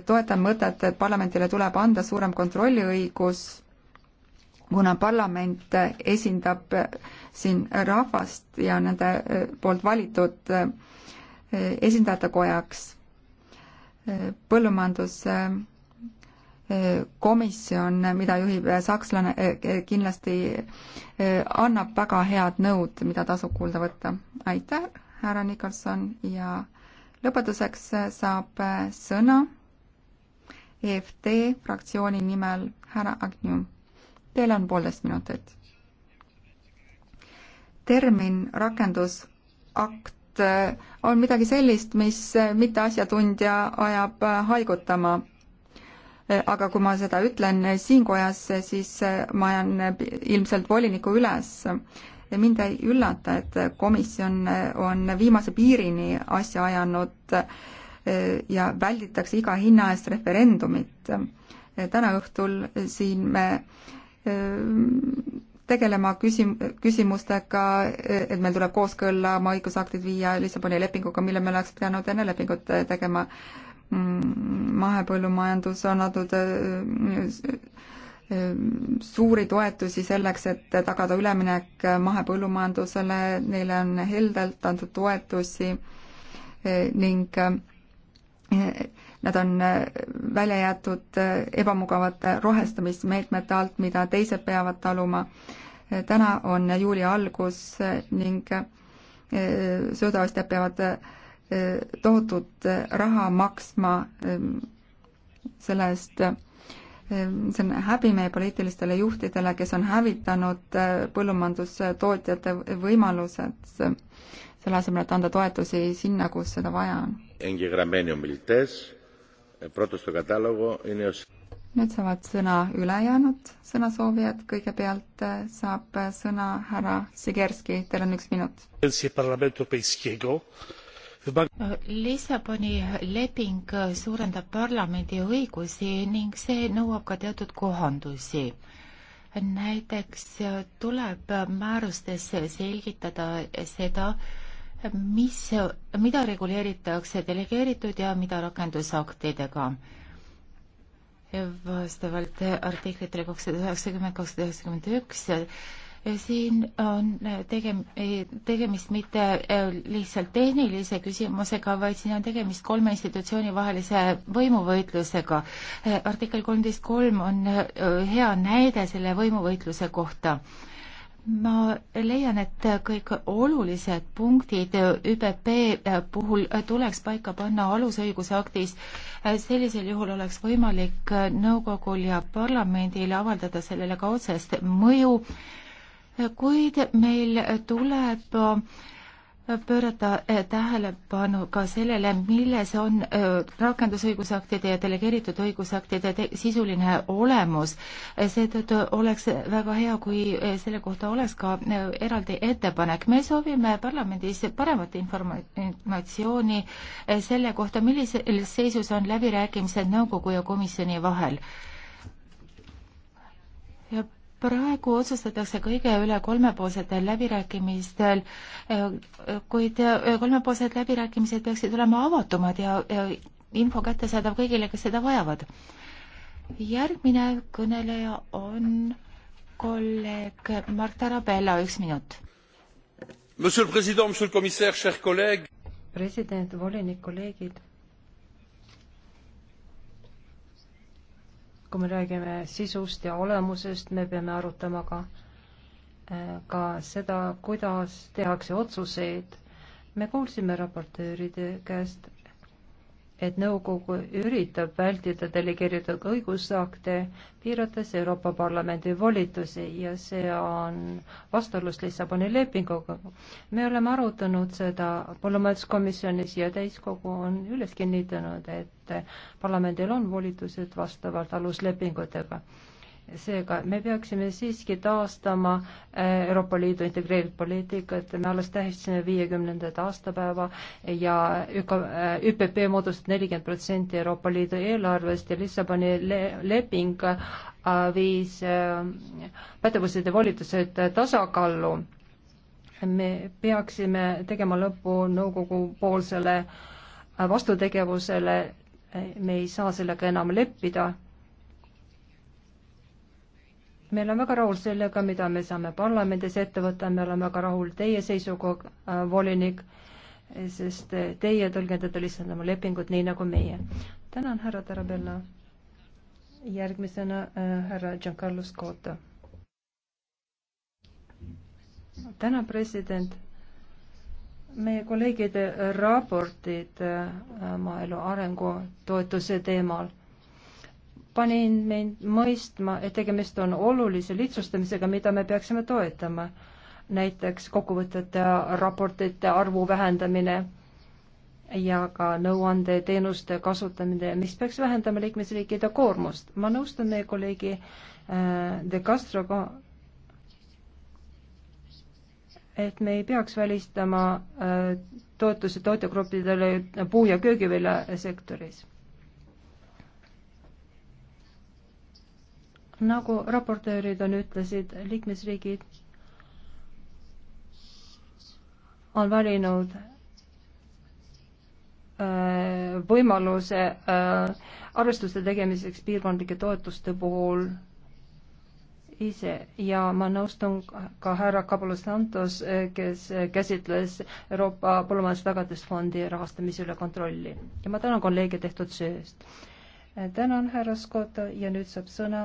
toetan mõtet, et parlamendile tuleb anda suurem kontrolliõigus, kuna parlament esindab siin rahvast ja nende poolt valitud esindajate kojaks põllumajanduskomisjon, mida juhib sakslane, kindlasti eh, annab väga head nõud, mida tasub kuulda võtta. aitäh, härra Nikolson ja lõpetuseks saab eh, sõna EFT fraktsiooni nimel härra Agnium. Teil on poolteist minutit. termin rakendusakt Äh, on midagi sellist, mis äh, mitteasjatundja ajab äh, haigutama. aga kui ma seda ütlen siin kojas, siis ma jään ilmselt voliniku üles. mind ei üllata, et komisjon on viimase piirini asja ajanud ja välditakse iga hinna eest referendumit. täna õhtul siin me tegelema küsim-, küsimustega, et meil tuleb kooskõlla oma õigusaktid viia Lissaboni lepinguga, mille me oleks pidanud enne lepingut tegema. Mm, mahepõllumajandus on antud äh, suuri toetusi selleks, et tagada üleminek mahepõllumajandusele, neile on heldelt antud toetusi eh, ning eh, nad on äh, välja jäetud äh, ebamugavate rohestamismeetmete alt, mida teised peavad taluma. Äh, täna on juuli algus ning söödaostjad peavad tohutut raha maksma ähm, selle eest, see on häbi meie poliitilistele juhtidele, kes on hävitanud põllumajandustootjate võimalused, selle asemel, et anda toetusi sinna, kus seda vaja on nüüd saavad sõna ülejäänud sõnasoovijad, kõigepealt eh, saab eh, sõna härra Sigerski, teil on üks minut. Lissaboni leping suurendab parlamendi õigusi ning see nõuab ka teatud kohandusi näiteks tuleb määrustes selgitada seda, mis, mida reguleeritakse delegeeritud ja mida rakendusaktidega vastavalt artiklitele kakssada üheksakümmend, kakssada üheksakümmend üks siin on tegem-, tegemist mitte lihtsalt tehnilise küsimusega, vaid siin on tegemist kolme institutsiooni vahelise võimuvõitlusega. artikkel kolmteist kolm on hea näide selle võimuvõitluse kohta. ma ma leian, et kõik olulised punktid ÜPP puhul tuleks paika panna alusõiguse aktis. sellisel juhul oleks võimalik nõukogul ja parlamendil avaldada sellele ka otsest mõju, kuid meil tuleb pöörata eh, tähelepanu ka sellele, milles on eh, rakendusõigusaktide ja delegeeritud õigusaktide sisuline olemus. Eh, seetõttu oleks väga hea, kui selle kohta oleks ka eraldi ettepanek. me soovime parlamendis paremat informatsiooni selle kohta, millises seisus on läbirääkimised nõukogu ja komisjoni vahel. ja praegu otsustatakse kõige üle kolmepoolsetel läbirääkimistel, eh, kuid eh, kolmepoolsed läbirääkimised peaksid olema avatumad ja, ja info kättesaadav kõigile, kes seda vajavad. järgmine kõneleja on kolleeg Mart Arabella, üks minut. president, volinik, kolleegid kui me räägime sisust ja olemusest, me peame arutama ka, äh, ka seda, kuidas tehakse otsuseid. me kuulsime raportööride käest et nõukogu üritab vältida delegeeritud õigusakte, piirates Euroopa Parlamendi volitusi ja see on vastuolus Lissaboni lepinguga. me oleme arutanud seda põllumajanduskomisjonis ja täiskogu on üles kinnitanud, et parlamendil on volitused vastavalt aluslepingutega seega me peaksime siiski taastama äh, Euroopa Liidu integreeritud poliitikat, me alles tähistasime viiekümnendat aastapäeva ja äh, ÜPP moodustab nelikümmend protsenti Euroopa Liidu eelarvest ja Lissaboni le leping äh, viis pädevused ja volitused tasakaallu. me peaksime tegema lõpu nõukogu poolsele vastutegevusele, me ei saa sellega enam leppida me oleme väga rahul sellega, mida me saame parlamendis ette võtta, me oleme väga rahul teie seisukohaga äh,, volinik, sest teie tõlgendate lihtsalt oma lepingut nii nagu meie. tänan, härra Tarabella. järgmisena äh, härra Giancarlo Scotta. tänan, president. meie kolleegide raportid äh, maaelu arengu toetuse teemal pani mind mõistma, et tegemist on olulise lihtsustamisega, mida me peaksime toetama. näiteks kokkuvõtete raportite arvu vähendamine ja ka nõuandeteenuste kasutamine, mis peaks vähendama liikmesriikide koormust. ma nõustun meie kolleegi äh, De Castroga, et me ei peaks välistama äh, toetuse tootjagruppidele puu- ja köögiviljasektoris nagu raportöörid on ütlesid, liikmesriigid on valinud äh, võimaluse äh, arvestuste tegemiseks piirkondlike toetuste puhul ise ja ma nõustun ka härra Kabulas Santos, äh, kes käsitles Euroopa Põllumajandustagades fondi rahastamise üle kontrolli ja ma tänan kolleege tehtud söö eest. tänan, härra Skoto ja nüüd saab sõna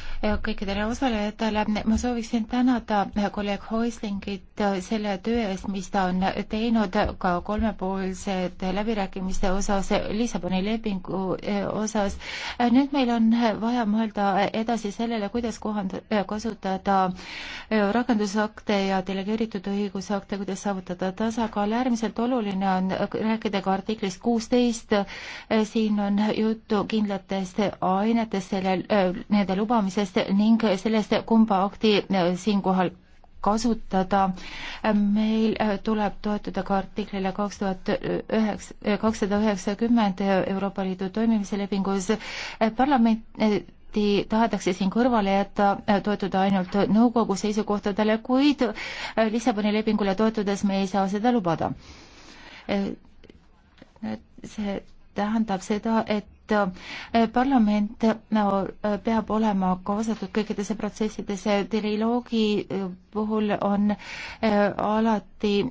kõikidele osalejatele. ma sooviksin tänada kolleeg Hoislingit äh, selle töö eest, mis ta on teinud ka kolmepoolsete läbirääkimiste osas, Lissaboni lepingu äh, osas. Äh, nüüd meil on vaja mõelda edasi sellele, kuidas kohand-, kasutada rakendusakte ja delegeeritud õigusakte, kuidas saavutada tasakaal. äärmiselt oluline on rääkida ka artiklist kuusteist. siin on juttu kindlatest ainetest, selle, nende lubamisest sellest ning sellest, kumba akti äh, siinkohal kasutada. meil äh, tuleb toetuda ka artiklile kaks tuhat üheksa, äh, kakssada üheksakümmend Euroopa Liidu toimimise lepingus. parlament samuti tahetakse siin kõrvale jätta, toetuda ainult nõukogu seisukohtadele, kuid Lissaboni lepingule toetudes me ei saa seda lubada. see tähendab seda, et et äh, parlament no, äh, peab olema kaasatud kõikidesse protsessidesse. triloogi äh, puhul on alati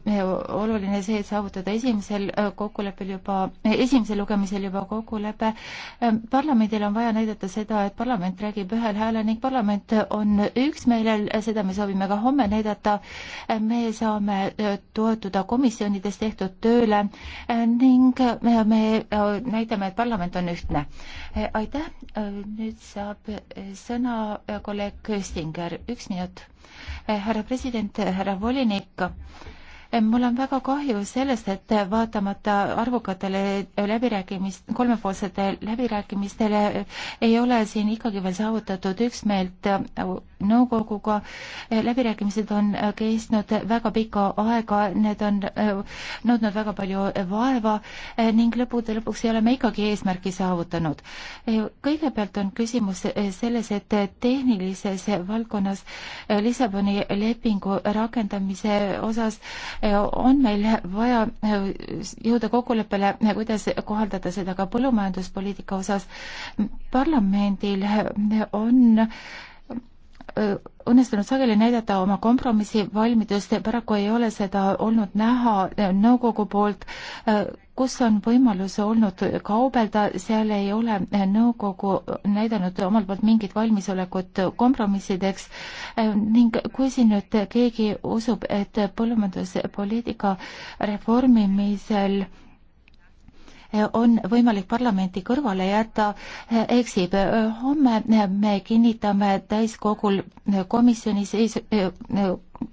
oluline see, et saavutada esimesel kokkuleppel juba, esimesel lugemisel juba kokkulepe. parlamendil on vaja näidata seda, et parlament räägib ühel häälel ning parlament on üksmeelel, seda me soovime ka homme näidata. me saame toetuda komisjonides tehtud tööle ning me näitame, et parlament on ühtne lihtne. aitäh, nüüd saab sõna kolleeg Köstinger, üks minut. härra president, härra volinik mul on väga kahju sellest, et vaatamata arvukatele läbirääkimist, kolmepoolsete läbirääkimistele ei ole siin ikkagi veel saavutatud üksmeelt nõukoguga. läbirääkimised on kestnud väga pikka aega, need on äh, nõudnud väga palju vaeva äh, ning lõppude lõpuks ei ole me ikkagi eesmärki saavutanud. Äh, kõigepealt on küsimus selles, et tehnilises valdkonnas Lissaboni lepingu rakendamise osas on meil vaja äh, jõuda kokkuleppele, kuidas kohaldada seda ka põllumajanduspoliitika osas. parlamendil äh, on äh, õnnestunud sageli näidata oma kompromissivalmidust, paraku ei ole seda olnud näha nõukogu poolt kus on võimalus olnud kaubelda, seal ei ole nõukogu näidanud omalt poolt mingit valmisolekut kompromissideks ning kui siin nüüd keegi usub, et põllumajanduspoliitika reformimisel on võimalik parlamenti kõrvale jätta, eksib. homme me kinnitame täiskogul komisjoni seis-,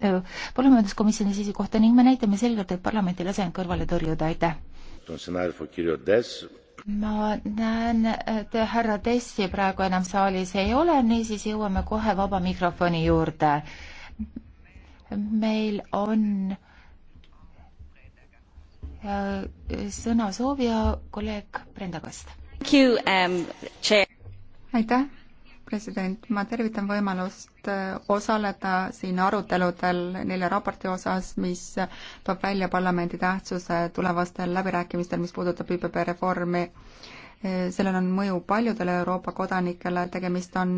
põllumajanduskomisjoni seisukohta ning me näitame selgelt, et parlamenti lase on kõrvale tõrjuda, aitäh! ma näen, et härra Tessi praegu enam saalis ei ole, niisiis jõuame kohe vaba mikrofoni juurde. meil on äh, sõnasoovija kolleeg Brenda Kast. Um, aitäh president, ma tervitan võimalust äh, osaleda siin aruteludel nelja raporti osas, mis toob välja parlamendi tähtsuse tulevastel läbirääkimistel, mis puudutab ÜPP reformi. Äh, sellel on mõju paljudele Euroopa kodanikele, tegemist on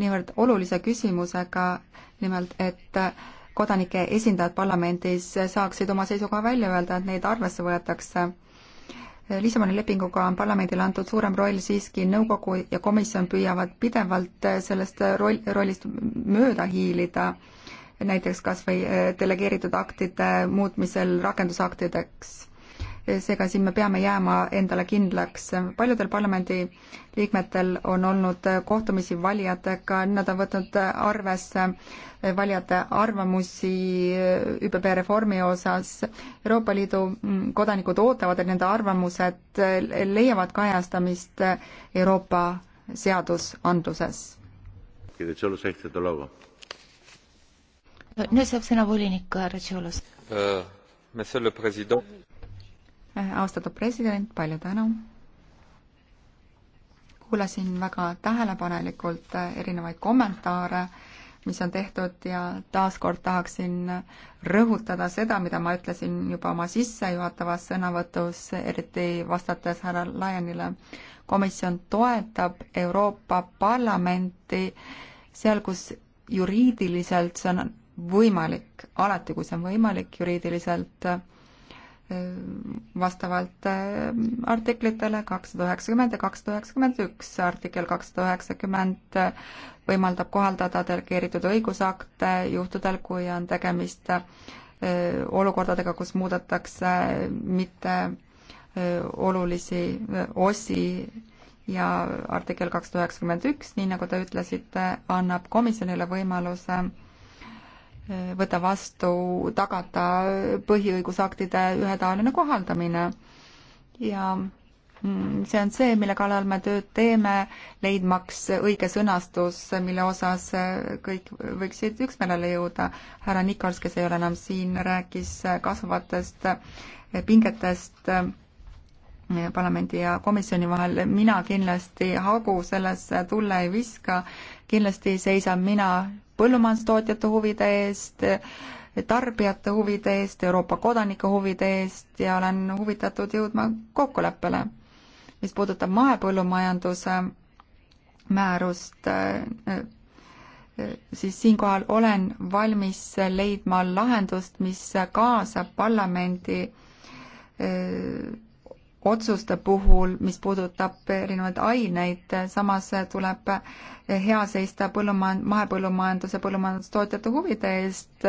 niivõrd olulise küsimusega, nimelt et kodanike esindajad parlamendis saaksid oma seisukoha välja öelda, et neid arvesse võetakse Liisaboni lepinguga on parlamendile antud suurem roll, siiski nõukogu ja komisjon püüavad pidevalt sellest roll, rollist mööda hiilida, näiteks kas või eh, delegeeritud aktide muutmisel rakendusaktideks seega siin me peame jääma endale kindlaks. paljudel parlamendiliikmetel on olnud kohtumisi valijatega, nad on võtnud arvesse valijate arvamusi ÜPP reformi osas. Euroopa Liidu kodanikud ootavad, et nende arvamused leiavad kajastamist Euroopa seadusandluses. nüüd saab sõna volinik härra Tšolos. Äh, monsieur le Président, Äh, austatud president, palju tänu. kuulasin väga tähelepanelikult äh, erinevaid kommentaare, mis on tehtud ja taaskord tahaksin rõhutada seda, mida ma ütlesin juba oma sissejuhatavas sõnavõtus, eriti vastates härra Laianile. komisjon toetab Euroopa Parlamenti seal, kus juriidiliselt see on võimalik, alati kui see on võimalik juriidiliselt, vastavalt äh, artiklitele kakssada üheksakümmend ja kakssada üheksakümmend üks. artikkel kakssada üheksakümmend võimaldab kohaldada delegeeritud õigusakte juhtudel, kui on tegemist äh, olukordadega, kus muudetakse mitte äh, olulisi osi ja artikkel kakssada üheksakümmend üks, nii nagu te ütlesite, annab komisjonile võimaluse võtta vastu, tagada põhiõigusaktide ühetaoline kohaldamine. ja mm, see on see, mille kallal me tööd teeme, leidmaks õige sõnastus, mille osas kõik võiksid üksmeelele jõuda. härra Nikars, kes ei ole enam siin, rääkis kasvavatest pingetest eh, parlamendi ja komisjoni vahel, mina kindlasti hagu sellesse tulle ei viska, kindlasti seisan mina põllumajandustootjate huvide eest, tarbijate huvide eest, Euroopa kodanike huvide eest ja olen huvitatud jõudma kokkuleppele, mis puudutab mahepõllumajanduse määrust, siis siinkohal olen valmis leidma lahendust, mis kaasab parlamendi otsuste puhul, mis puudutab erinevaid aineid, samas tuleb hea seista põllumajand-, mahepõllumajanduse, põllumajandustootjate huvide eest,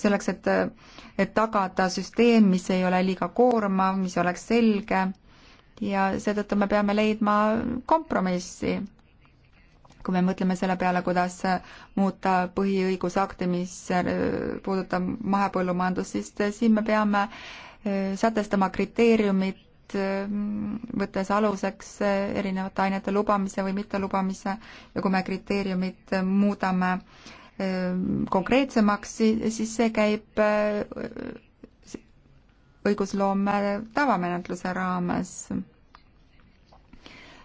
selleks, et, et tagada süsteem, mis ei ole liiga koormav, mis oleks selge ja seetõttu me peame leidma kompromissi. kui me mõtleme selle peale, kuidas muuta põhiõigusakti, mis puudutab mahepõllumajandust, siis siin me peame äh, sätestama kriteeriumid, võttes aluseks erinevate ainete lubamise või mittelubamise ja kui me kriteeriumid muudame ehm, konkreetsemaks, siis see käib eh, õigusloome tavamenetluse raames.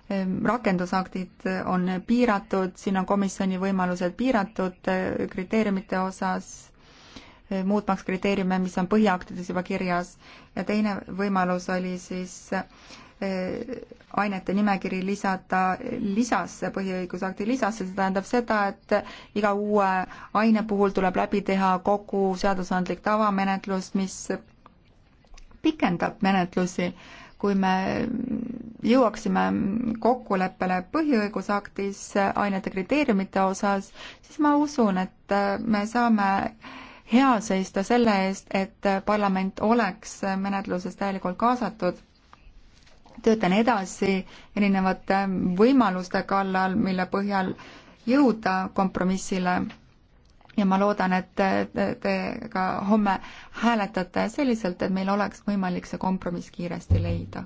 Ehm, rakendusaktid on piiratud, siin on komisjoni võimalused piiratud eh, kriteeriumite osas muutmaks kriteeriume, mis on põhiaktides juba kirjas ja teine võimalus oli siis eh, ainete nimekiri lisada lisasse, põhiõigusakti lisasse, see tähendab seda, et iga uue aine puhul tuleb läbi teha kogu seadusandlik tavamenetlus, mis pikendab menetlusi. kui me jõuaksime kokkuleppele põhiõigusaktis ainete kriteeriumite osas, siis ma usun, et me saame hea seista selle eest, et parlament oleks menetluses täielikult kaasatud. töötan edasi erinevate võimaluste kallal, mille põhjal jõuda kompromissile. ja ma loodan, et te, te ka homme hääletate selliselt, et meil oleks võimalik see kompromiss kiiresti leida.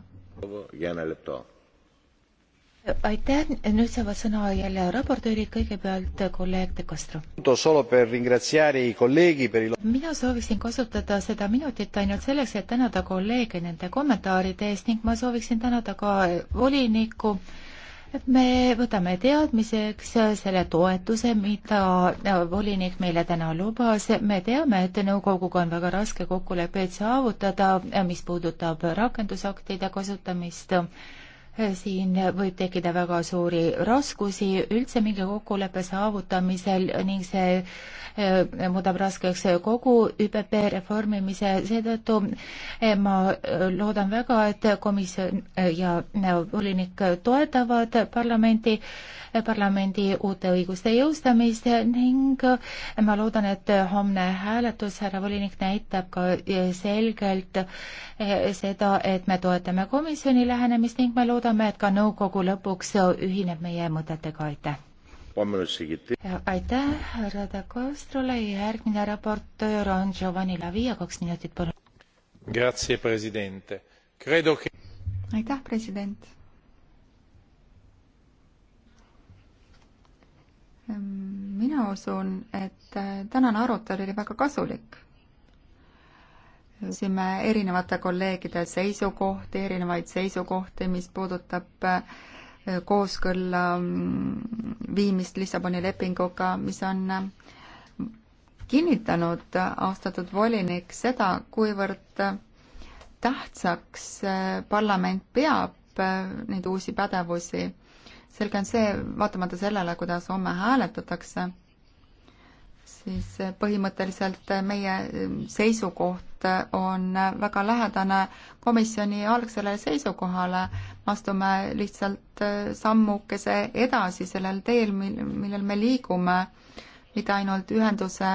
Jana Leptoo aitäh, nüüd saavad sõna jälle raportöörid, kõigepealt kolleeg De Castro. mina sooviksin kasutada seda minutit ainult selleks, et tänada kolleege nende kommentaaride eest ning ma sooviksin tänada ka volinikku, et me võtame teadmiseks selle toetuse, mida volinik meile täna lubas. me teame, et nõukoguga on väga raske kokkuleppeid saavutada, mis puudutab rakendusaktide kasutamist siin võib tekkida väga suuri raskusi üldse mingi kokkuleppe saavutamisel ning see eh, muudab raskeks kogu ÜPP reformimise, seetõttu eh, ma eh, loodan väga, et komisjon ja volinik toetavad parlamenti, parlamendi uute õiguste jõustamist ning ma loodan, et homne hääletus, härra volinik, näitab ka selgelt seda, et me toetame komisjoni lähenemist ning me loodame, loodame, et ka nõukogu lõpuks ühineb meie mõtetega, aitäh! aitäh, härra De Castrole, järgmine raportöör on Giovanni Lavia, kaks minutit, palun. aitäh, president! mina usun, et tänane arutelu oli väga kasulik kuulsime erinevate kolleegide seisukohti, erinevaid seisukohti, mis puudutab äh, kooskõlla mm, viimist Lissaboni lepinguga, mis on äh, kinnitanud, äh, austatud volinik, seda, kuivõrd tähtsaks parlament peab neid uusi pädevusi. selge on see, vaatamata sellele, kuidas homme hääletatakse siis eh, põhimõtteliselt eh, meie eh, seisukoht on väga lähedane komisjoni algsele seisukohale. astume lihtsalt sammukese edasi sellel teel, mil, millel me liigume, mitte ainult ühenduse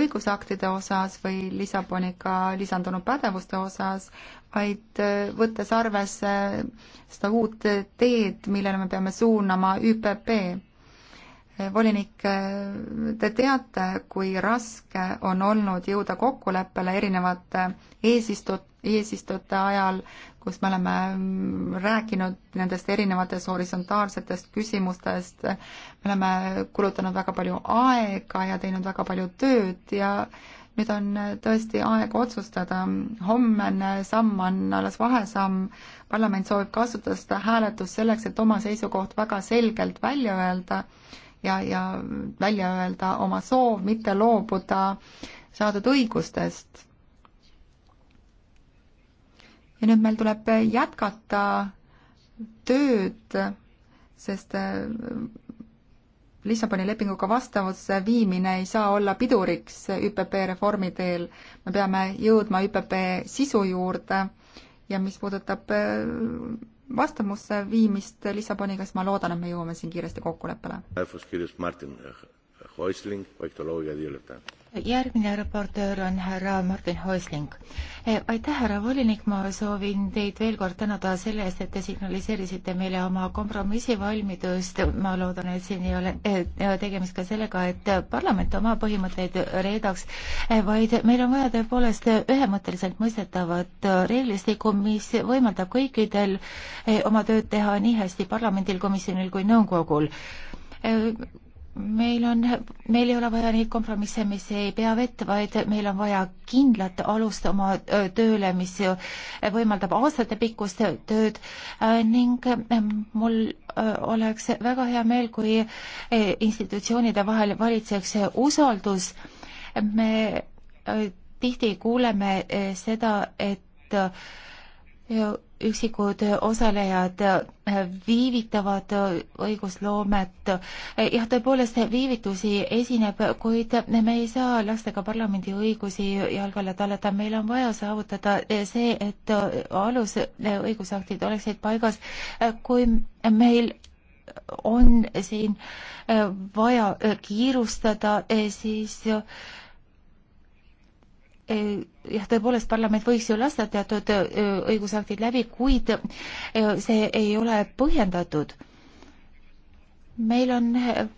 õigusaktide osas või Lissaboniga lisandunud pädevuste osas, vaid võttes arvesse seda uut teed, millele me peame suunama ÜPP volinik, te teate, kui raske on olnud jõuda kokkuleppele erinevate eesistut-, eesistujate ajal, kus me oleme rääkinud nendest erinevatest horisontaalsetest küsimustest, me oleme kulutanud väga palju aega ja teinud väga palju tööd ja nüüd on tõesti aeg otsustada, homne samm on alles vahesamm, parlament soovib kasutada seda hääletust selleks, et oma seisukoht väga selgelt välja öelda ja, ja välja öelda oma soov, mitte loobuda saadud õigustest. ja nüüd meil tuleb jätkata tööd, sest äh, Lissaboni lepinguga vastavusse viimine ei saa olla piduriks ÜPP reformi teel. me peame jõudma ÜPP sisu juurde ja mis puudutab äh, vastamusse viimist Lissaboniga, siis ma loodan, et me jõuame siin kiiresti kokkuleppele järgmine raportöör on härra Martin Häusling. Eh, aitäh, härra volinik, ma soovin teid veel kord tänada selle eest, et te signaliseerisite meile oma kompromissivalmidust. ma loodan, et siin ei ole eh, eh, tegemist ka sellega, et parlament oma põhimõtteid reedaks, vaid meil on vaja tõepoolest ühemõtteliselt mõistetavat reeglistikku, mis võimaldab kõikidel oma tööd teha nii hästi parlamendil, komisjonil kui nõukogul meil on, meil ei ole vaja neid kompromisse, mis ei pea vett, vaid meil on vaja kindlat alust oma tööle, mis võimaldab aastatepikkust tööd ning mul oleks väga hea meel, kui institutsioonide vahel valitseks usaldus. me tihti kuuleme seda, et üksikud osalejad eh, viivitavad eh, õigusloomet. Eh, jah, tõepoolest viivitusi esineb, kuid me ei saa lasta ka parlamendi õigusi jalge alla tallata, meil on vaja saavutada see, et alusõigusaktid oleksid paigas, kui meil on siin vaja kiirustada, siis jah, tõepoolest parlament võiks ju lasta teatud äh, õigusaktid läbi, kuid äh, see ei ole põhjendatud meil on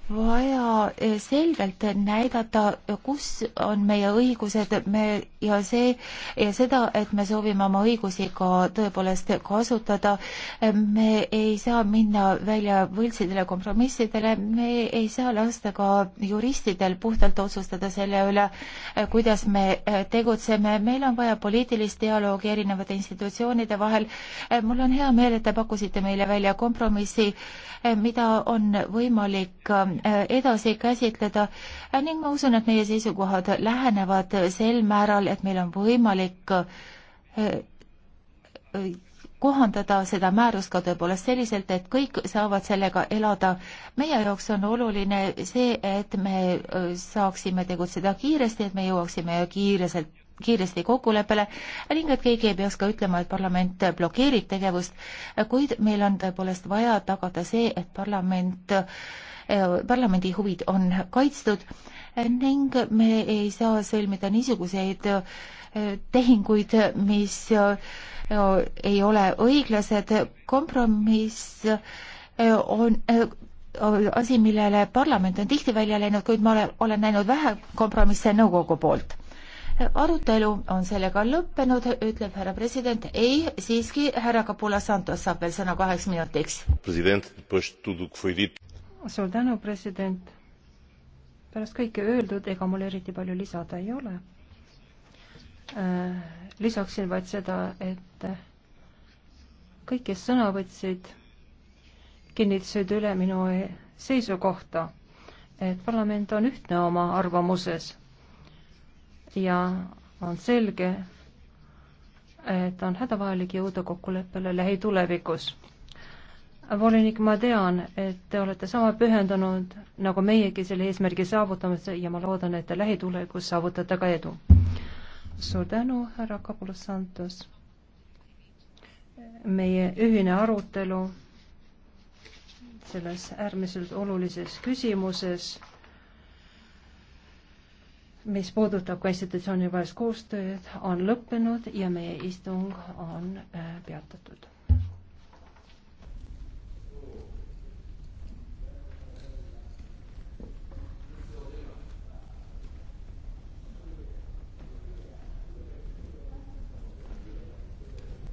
vaja eh, selgelt näidata, kus on meie õigused, me ja see ja seda, et me soovime oma õigusi ka tõepoolest kasutada. me ei saa minna välja võltsidele kompromissidele, me ei saa lasta ka juristidel puhtalt otsustada selle üle, eh, kuidas me eh, tegutseme. meil on vaja poliitilist dialoogi erinevate institutsioonide vahel. mul on hea meel, et te pakkusite meile välja kompromissi, mida on võimalik äh, edasi käsitleda äh, ning ma usun, et meie seisukohad lähenevad sel määral, et meil on võimalik äh, kohandada seda määrust ka tõepoolest selliselt, et kõik saavad sellega elada. meie jaoks on oluline see, et me saaksime tegutseda kiiresti, et me jõuaksime kiireselt kiiresti kokkuleppele ning et keegi ei peaks ka ütlema, et parlament blokeerib tegevust, kuid meil on tõepoolest vaja tagada see, et parlament, parlamendi huvid on kaitstud ning me ei saa sõlmida niisuguseid eh, tehinguid, mis eh, ei ole õiglased, kompromiss eh, on asi, millele parlament on tihti välja läinud, kuid ma olen, olen näinud vähe kompromisse nõukogu poolt arutelu on sellega lõppenud, ütleb härra president. ei, siiski härra Kapula Santos saab veel sõna kaheks minutiks. suur tänu, president. pärast kõike öeldud, ega mul eriti palju lisada ei ole. Äh, lisaksin vaid seda, et kõik, kes sõna võtsid, kinnitasid üle minu seisukohta, et parlament on ühtne oma arvamuses ja on selge, et on hädavajalik jõuda kokkuleppele lähitulevikus. volinik, ma tean, et te olete sama pühendunud nagu meiegi selle eesmärgi saavutamise ja ma loodan, et te lähitulevikus saavutate ka edu. suur tänu, härra Kabulas Santos. meie ühine arutelu selles äärmiselt olulises küsimuses mis puudutab ka institutsiooni vahelist koostööd, on lõppenud ja meie istung on äh, peatatud.